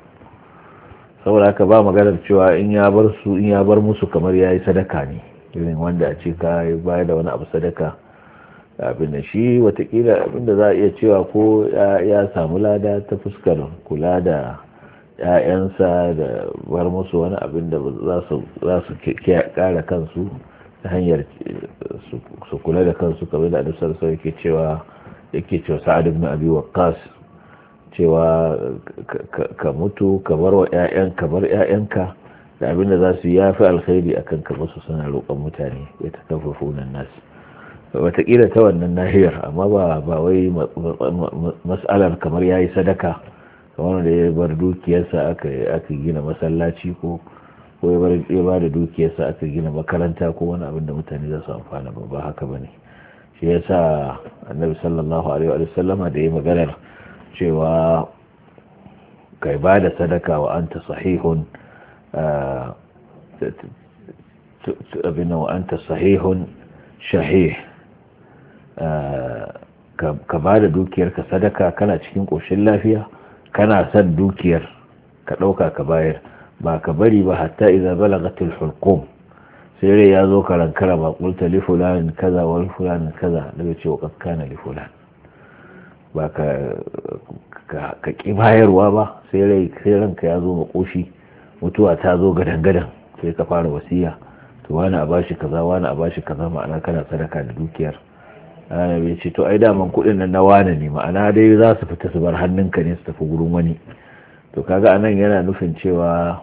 saboda haka ba maganar cewa in ya bar su in ya bar musu kamar ya yi sadaka ne irin wanda a ce ka yi bayar da wani abu sadaka abin da shi watakila abin da za a iya cewa ko ya samu lada ta fuskar kula da ‘ya'yansa da bar musu wani abin da za su kara kansu ta hanyar su kula da kansu kamar da adisar sau yake cewa yake cewa sa'adun ibn abi kasu cewa ka mutu kamar wa 'ya'yan kamar 'ya'yanka da abin da za su ya fi alkhairi a kan kamar su suna roƙon mutane ya ta kafa funan nasu wataƙila ta wannan nahiyar amma ba ba wai mas'alar kamar ya yi sadaka kamar da ya bar dukiyarsa aka gina masallaci ko ko ya bar ba da dukiyarsa aka gina makaranta ko wani abin da mutane za su amfana ba ba haka ba ne shi ya sa annabi sallallahu alaihi wa sallama da ya yi maganar cewa kai ba da sadaka wa sahihun abin wa sahihun shahih ka ba da dukiyarka sadaka kana cikin ƙoshin lafiya kana san dukiyar ka ɗauka ka bayar ba ka bari ba hatta iza balagatul hulqum sai rai ya zo ka kara ba qulta li fulanin kaza wal fulanin kaza daga cewa qad kana ba ka ƙi bayarwa ba sai rai ranka ya zo makoshi mutuwa ta zo gadan-gadan sai ka fara wasiya to wani a bashi kaza wani a bashi kaza ma'ana kana sadaka da dukiyar ana bai ce to ai daman kuɗin nan na wani ne ma'ana dai za su fita su bar hannunka ne su tafi gurin wani to kaga anan yana nufin cewa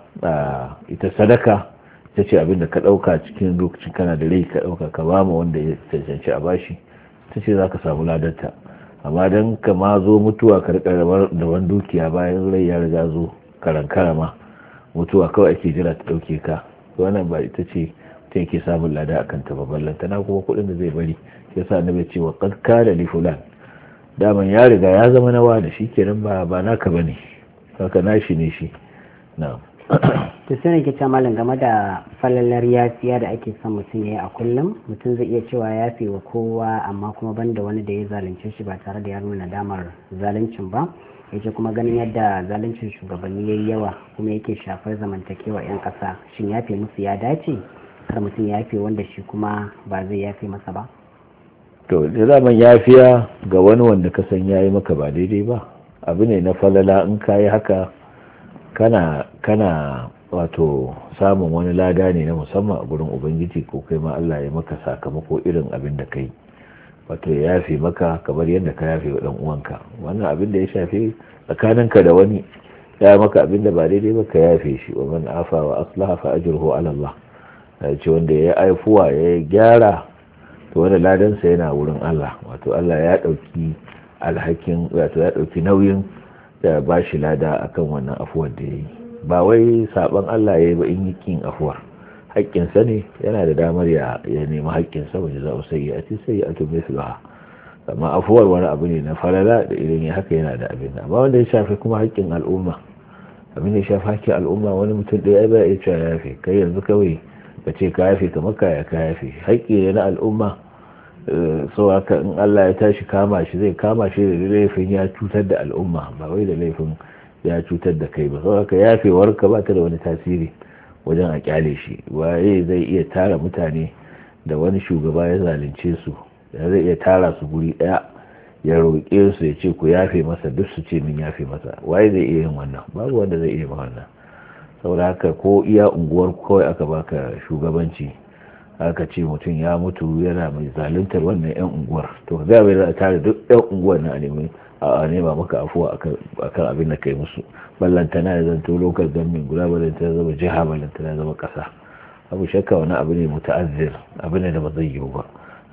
ita sadaka ita ce abin da ka ɗauka cikin lokacin kana da rai ka ɗauka ka ba ma wanda ya cancanci a bashi ita ce za ka samu ladarta amma don ka ma zo mutuwa karka daban dukiya bayan rai ya riga zo karan karama mutuwa kawai ake jira ta ɗauke ka wannan ba ita ce ta yake samun lada akan ta ba ballanta na kuma kuɗin da zai bari ya sa na bai cewa kad da li fulan daman ya riga ya zama nawa da shi kenan ba ba naka bane haka nashi ne shi na'am to sai ke cewa malam game da falalar yafiya da ake son mutum ya yi a kullum mutum zai iya cewa fi wa kowa amma kuma banda wani da ya zalunce shi ba tare da ya nuna damar zaluncin ba ya ce kuma ganin yadda zaluncin shugabanni ya yi yawa kuma yake shafar zamantakewa 'yan ƙasa shin yafe musu ya dace kar mutum ya yafe wanda shi kuma ba zai yafe masa ba to da zaman yafiya ga wani wanda ka san ya yi maka ba daidai ba abu ne na falala in ka yi haka kana kana wato samun wani lada ne na musamman a gurin ubangiji ko kai ma Allah ya maka sakamako irin abin da kai wato ya yafe maka kamar yadda ka yafe wa dan uwanka wannan abin da ya shafe tsakanin ka da wani ya maka abin da ba daidai ba ka yafe shi wa man afa wa aslaha fa ajruhu ala Allah ce wanda ya aifuwa ya gyara to ladan ladansa yana wurin Allah wato Allah ya dauki alhakin wato ya dauki nauyin ya ba shi lada akan wannan afuwar da ya yi ba wai saban Allah ya yi ba in yi kin afuwar haƙƙinsa ne yana da damar ya nemi haƙƙinsa wajen a sai a ci sai a tumbe su ba amma afuwar wani abu ne na farara da irin ya haka yana da abin amma wanda ya shafi kuma haƙƙin al'umma abin da ya shafi haƙƙin al'umma wani mutum ɗaya ba ya cewa ya fi kai yanzu kawai ka ce ka haifi kamar ka ya ka yafe haƙƙi ne na al'umma so in Allah ya tashi kama shi zai kama shi da laifin ya cutar da al'umma ba wai da laifin ya cutar da kai ba so haka yafewar ka ba ta da wani tasiri wajen a kyale shi waye zai iya tara mutane da wani shugaba ya zalunce su zai iya tara su guri daya ya roƙe su ya ce ku yafe masa duk su ce min yafe masa waye zai iya yin wannan babu wanda zai iya yin wannan saboda haka ko iya unguwar kawai aka baka shugabanci aka ce mutum ya mutu yana mai zaluntar wannan yan unguwar to ga bai za tare duk yan unguwar na nemi a nema maka afuwa akan abin da kai musu ballantana ya zanto lokal gamin guda ballantana zama jiha ballantana zama kasa abu shakka wani abu ne muta'azzir abu ne da ba zai yiwu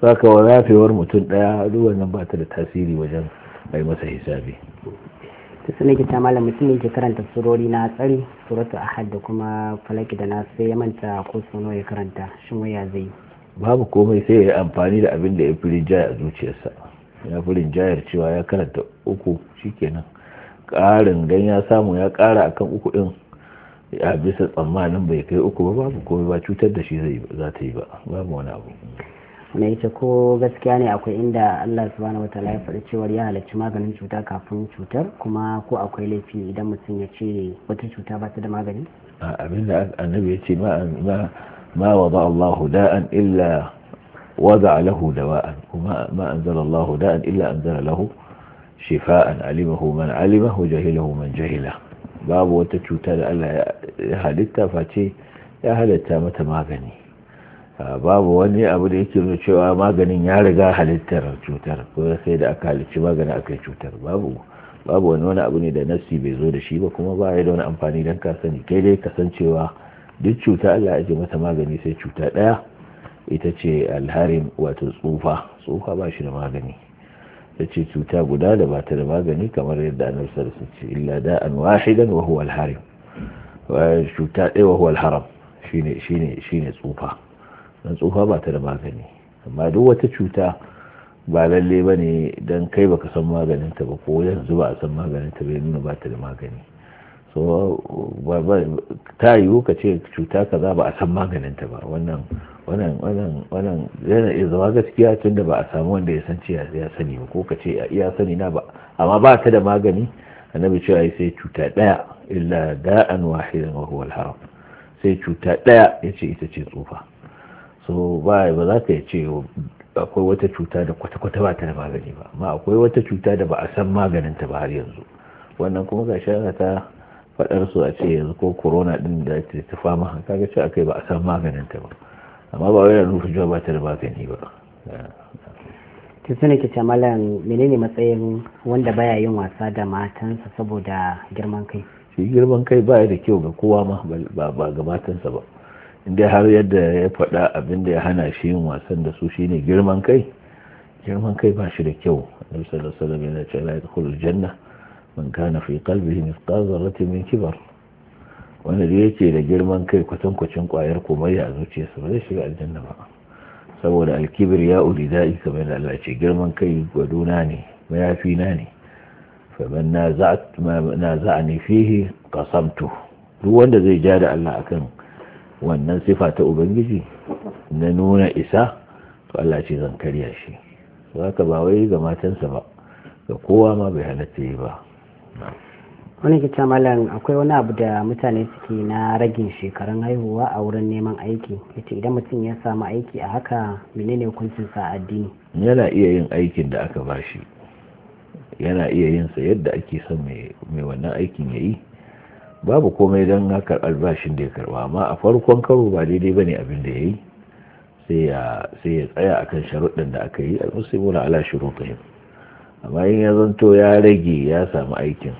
ba ka wa rafewar mutum daya duk wannan ba ta da tasiri wajen ai masa hisabi ta ki ta malam mutum ne ke karanta surori na tsari suratu ahad da kuma falaki da nasu sai ya manta ko suno ya karanta shin waya zai babu komai sai ya yi amfani da abin da ya fi rinjaya a zuciyarsa ya fi rinjayar cewa ya karanta uku shikenan ƙarin dan ya samu ya ƙara akan uku din a bisa tsammanin bai kai uku ba babu komai ba cutar da shi zai za ta yi ba babu wani abu na ita ko gaskiya ne akwai inda Allah subhanahu wataala ya faɗi cewar ya halacci maganin cuta kafin cutar kuma ko akwai laifi idan mutum ya ce wata cuta ba ta da magani abin da annabi ya ce ma wada Allah da'an illa wada lahu wa'an kuma ma an anzala Allah da'an illa an anzala lahu shifa'an alimahu man alimahu jahilahu man jahila babu wata cuta da Allah ya halitta face ya halitta mata magani babu wani abu da yake nuna cewa maganin ya riga halittar cutar ko sai da aka halicci maganin aka cutar babu babu wani wani abu ne da nasi bai zo da shi ba kuma ba ya da wani amfani don ka sani kai dai kasancewa duk cuta Allah ya ji mata magani sai cuta ɗaya ita ce alharin wato tsufa tsufa ba shi da magani ta ce cuta guda da ba ta da magani kamar yadda an rasa da wasallam illa an wahidan wa huwa alharim cuta ɗaya wa huwa alharam shine shine shine tsufa don tsufa ba ta da magani amma duk wata cuta ba lalle ba ne don kai baka san maganinta ba ko yanzu ba a san maganinta ba nuna ba ta da magani so ta yiwu ka ce cuta kaza ba a san maganinta ba wannan wannan wannan wannan yana iya zama gaskiya tun da ba a samu wanda ya san ce ya sani ba ko ka ce ya sani na ba amma ba ta da magani annabi ai sai cuta daya illa da'an wahidan wa huwa al-haram sai cuta daya yace ita ce tsufa so ba ba za ka ce akwai wata cuta da kwata-kwata ba ta da magani ba amma akwai wata cuta da ba a san maganin ta ba har yanzu wannan kuma ga shi ta fadar su a ce yanzu ko corona din da ta ta fama kaga ce akai ba a san maganin ta ba amma ba wai yana nufin ba ta da magani ba ta suna ke ce malam menene matsayin wanda baya yin wasa da matansa saboda girman kai shi girman kai baya da kyau ga kowa ma ba ga matansa ba inda har yadda ya faɗa abinda ya hana shi yin wasan da su shine girman kai girman kai ba shi da kyau annabi sallallahu alaihi wasallam yana cewa la yadkhulul janna man kana fi qalbihi mithqal dharratin min kibar wanda da yake da girman kai kwatankwacin kwayar komai, a zuciyarsa ba zai shiga aljanna ba saboda alkibir ya uli da'i kamar da Allah ce girman kai gwadona ne mayafi na ne faman na za'ani fihi qasamtu duk wanda zai ja da Allah akan wannan sifa ta ubangiji na nuna isa to Allah ce zan karya shi zaka ba wai ga matansa ba ga kowa ma bai halatta yi ba wani ke malam akwai wani abu da mutane suke na ragin shekarun haihuwa a wurin neman aiki yace idan mutum ya samu aiki a haka menene hukuncin sa addini yana iya yin aikin da aka bashi yana iya yin sa yadda ake son mai wannan aikin yayi babu komai don haka albashin da ya karba amma a farkon karo ba daidai bane abin da ya yi sai ya tsaya akan sharuɗin da aka yi almuslimu na ala shurutihim amma in ya zanto ya rage ya samu aikin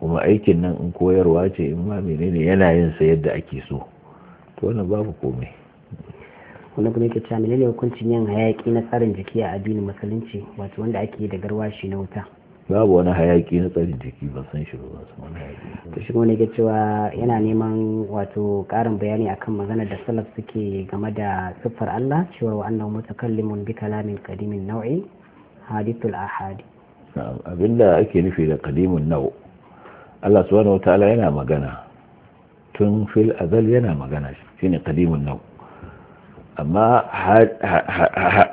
kuma aikin nan in koyarwa ce in ma menene yana yin sa yadda ake so to wannan babu komai wani kuma yake cewa menene hukuncin yin hayaki na tsarin jiki a addinin musulunci wato wanda ake yi da garwashi na wuta babu wani hayaki na tsarin jiki ba san shi ba su wani hayaki to shi kuma nake cewa yana neman wato karin bayani akan maganar da salaf suke game da siffar Allah cewa wa annahu mutakallimun bi kalamin qadimin nau'i hadithul ahadi abinda ake nufi da qadimun nau' Allah subhanahu wataala yana magana tun fil azal yana magana shine qadimun nau' amma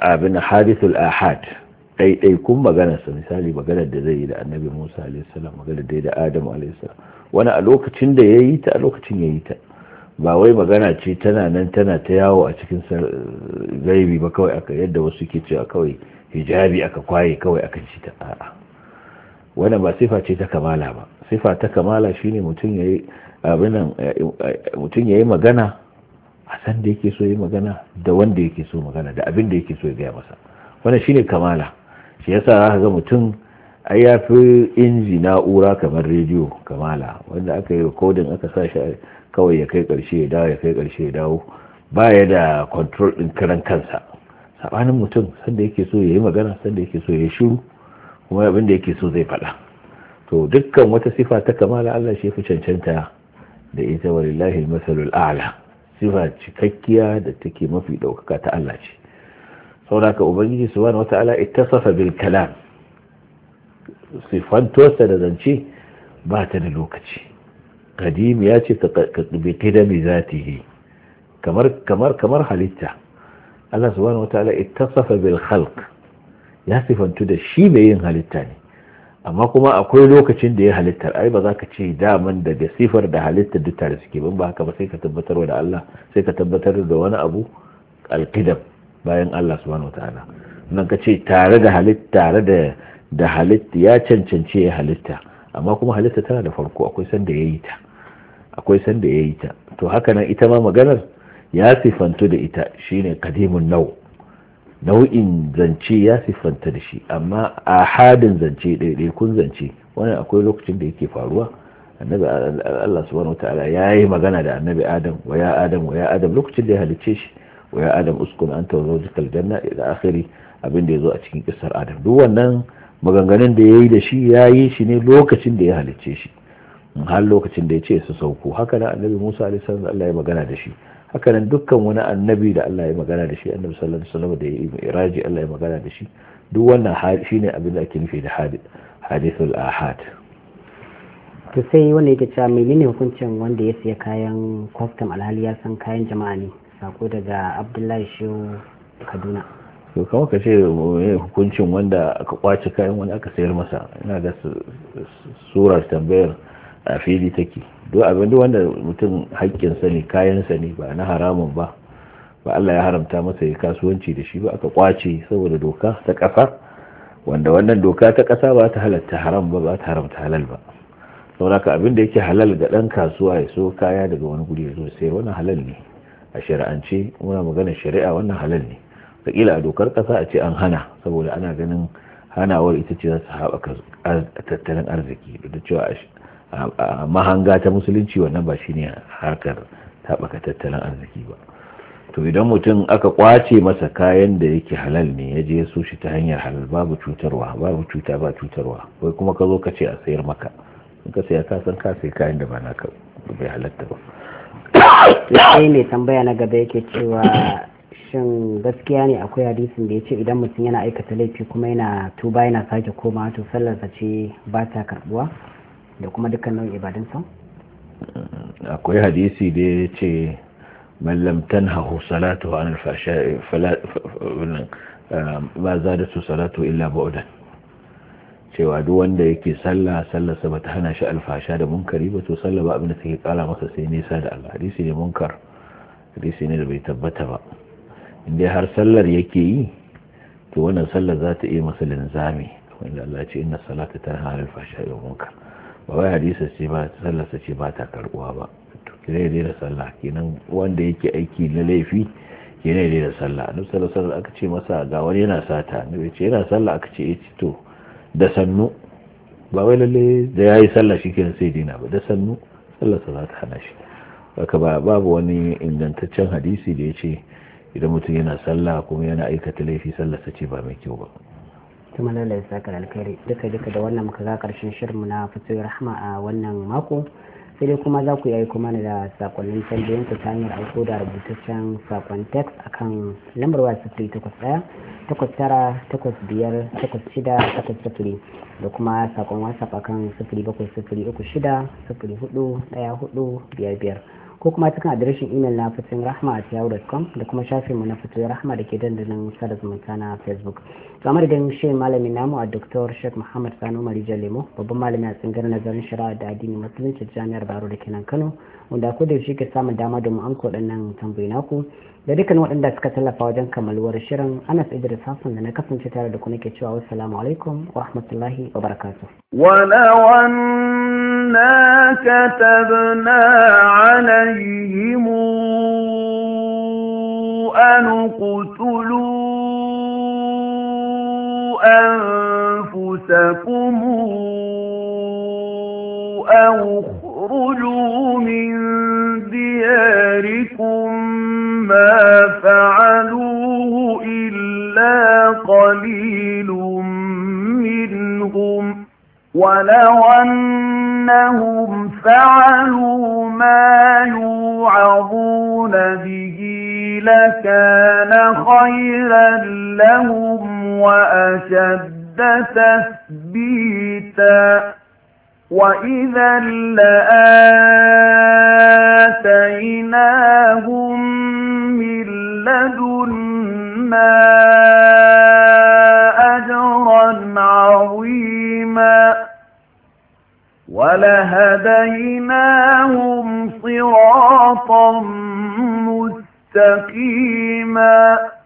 abin hadithul ahad ɗaiɗaikun maganarsa misali maganar da zai yi da annabi musa alaihissalam maganar da yi da adamu alaihissalam wani a lokacin da ya yi ta a lokacin ya yi ta ba wai magana ce tana nan tana ta yawo a cikin gaibi ba kawai aka yadda wasu ke cewa kawai hijabi aka kwaye kawai aka ci ta a'a wannan ba sifa ce ta kamala ba sifa ta kamala shine mutum yayi abinan mutum magana a san da yake so ya yi magana da wanda yake so magana da abin da yake so ya gaya masa wannan shine kamala shi yasa za ga mutum ai ya fi inji na'ura kamar rediyo kamala wanda aka yi rikodin aka sa shi kawai ya kai karshe ya dawo ya kai karshe ya dawo ba ya da control din karan kansa sabanin mutum sanda yake so ya yi magana sanda yake so ya yi shiru kuma abin da yake so zai faɗa to dukkan wata sifa ta kamala Allah shi fi cancanta da ita walillahi masalul a'la sifa cikakkiya da take mafi ɗaukaka ta Allah ce sauraka ubangiji subhanahu wata'ala ittasafa bil kalam sifantuwarsa da zance ba ta da lokaci kadim ya ce bi qidami zatihi kamar kamar kamar halitta Allah subhanahu wata'ala ittasafa bil khalq ya sifantu da shi mai yin halitta ne amma kuma akwai lokacin da ya halittar ai ba za ka ce daman daga sifar da halittar duk tare suke ba haka ba sai ka tabbatar da sai ka tabbatar da wani abu alqidam bayan Allah subhanahu wataala nan ka ce tare da halitta da da halitta ya cancanci ya halitta amma kuma halitta tana da farko akwai sanda ya yi ta akwai sanda ya yi ta to haka nan ita ma maganar ya sifantu da ita shine kadimun nau nau'in zance ya sifanta da shi amma a hadin zance kun zance wannan akwai lokacin da yake faruwa annabi Allah subhanahu wa ya yi magana da annabi Adam wa ya Adam wa ya Adam lokacin da ya halicce shi wa adam uskun anta wa zawjukal janna ila akhiri abin da yazo a cikin kissar adam duk wannan maganganun da yayi da shi yayi shi ne lokacin da ya halicce shi har lokacin da ya ce su sauko haka nan annabi Musa alaihi salam Allah ya magana da shi haka nan dukkan wani annabi da Allah ya magana da shi annabi sallallahu alaihi wasallam da ya yi iraji Allah ya magana da shi duk wannan shine abin da ake nufi da hadith hadithul ahad to sai wanda yake cewa menene hukuncin wanda ya siya kayan custom alhali ya san kayan jama'a ne sako daga abdullahi shehu kaduna to kawai ka ce hukuncin wanda aka kwace kayan wani aka sayar masa ina ga surar tambayar a fili take duk abin da wanda mutum haƙƙinsa ne kayansa ne ba na haramun ba ba Allah ya haramta masa ya kasuwanci da shi ba aka kwace saboda doka ta ƙasa wanda wannan doka ta ƙasa ba ta halatta haram ba ba ta haramta halal ba saboda abin da yake halal ga ɗan kasuwa ya so kaya daga wani guri ya zo sai wannan halal ne a shari'ance muna magana shari'a wannan halal ne kila a dokar kasa a ce an hana saboda ana ganin hanawar ita ce za su haɓaka tattalin arziki da cewa mahanga ta musulunci wannan ba shine harkar haɓaka tattalin arziki ba to idan mutum aka kwace masa kayan da yake halal ne ya je ya shi ta hanyar halal babu cutarwa babu cuta ba cutarwa wai kuma ka zo ka ce a sayar maka in ka saya kasan san ka sai kayan da ba naka bai halatta ba sai mai tambaya na gaba yake cewa shin gaskiya ne akwai hadisin da ya ce idan mutum yana aikata laifi kuma yana tuba yana sake koma to sallarsa ce ba ta karbuwa da kuma dukkan nau'in ibadunsa akwai hadisi da ya ce mallam hahu salatu an alfasha ba su salatu illa ba'udan cewa duk wanda yake sallah sallar sa bata hana shi alfasha da munkari ba to sallah ba abin da take kala masa sai nisa da Allah hadisi ne munkar hadisi ne da bai tabbata ba inda har sallar yake yi to wannan sallar za ta iya masa linzami wanda Allah ce inna salata ta hana alfasha wal munkar ba wai hadisi ce ba sallar sa ce ba ta karbuwa ba to kire da sallah kenan wanda yake aiki na laifi kenan da sallah annabi sallallahu alaihi wasallam aka ce masa ga wani yana sata annabi ce yana sallah aka ce eh to da sannu ba wai lalle da ya yi sallah shi kenan sai dina ba da sannu sallarsa za ta hana shi haka ba babu wani ingantaccen hadisi da ya ce idan mutum yana sallah kuma yana aikata laifi sallarsa ce ba mai kyau ba kuma lalle sakar alkhairi duka duka da wannan muka ga karshen shirin na fitowar rahma a wannan mako sai dai kuma za ku yi kuma da sakonnin tambayin ku ta hanyar aiko da rubutaccen sakon text akan lambar waya sifiri takwas ɗaya takwas tara takwas biyar takwas shida takwas sifiri da kuma sakon whatsapp akan sifiri bakwai sifiri uku shida sifiri hudu ɗaya hudu biyar biyar ko kuma cikin adireshin imel na fitin rahma a yahoo.com da kuma shafin mu na ya rahma da ke dandalin sada zumunta na facebook kamar da shi malami namu a dr sheikh muhammad sani umar lemo babban malami a tsangar nazarin shari'a da addini musulunci jami'ar baro da kenan kano wanda ko da shi ke samun dama da mu amsa waɗannan tambayi naku da dukkan waɗanda suka tallafa wajen kammaluwar shirin anas idris hassan da na kasance tare da ku nake cewa wassalamu alaikum wa rahmatullahi wa barakatuh إِنَّا كَتَبْنَا عَلَيْهِمْ أَنِ اقْتُلُوا أَنفُسَكُمْ أَوْ اخْرُجُوا مِن دِيَارِكُمْ مَا فَعَلُوهُ إِلَّا قَلِيلٌ مِّنْهُمْ ولو أنهم فعلوا ما يوعظون به لكان خيرا لهم وأشد تثبيتا وإذا لآتيناهم من لدنا أجرا عظيما جسيما ولهديناهم صراطا مستقيما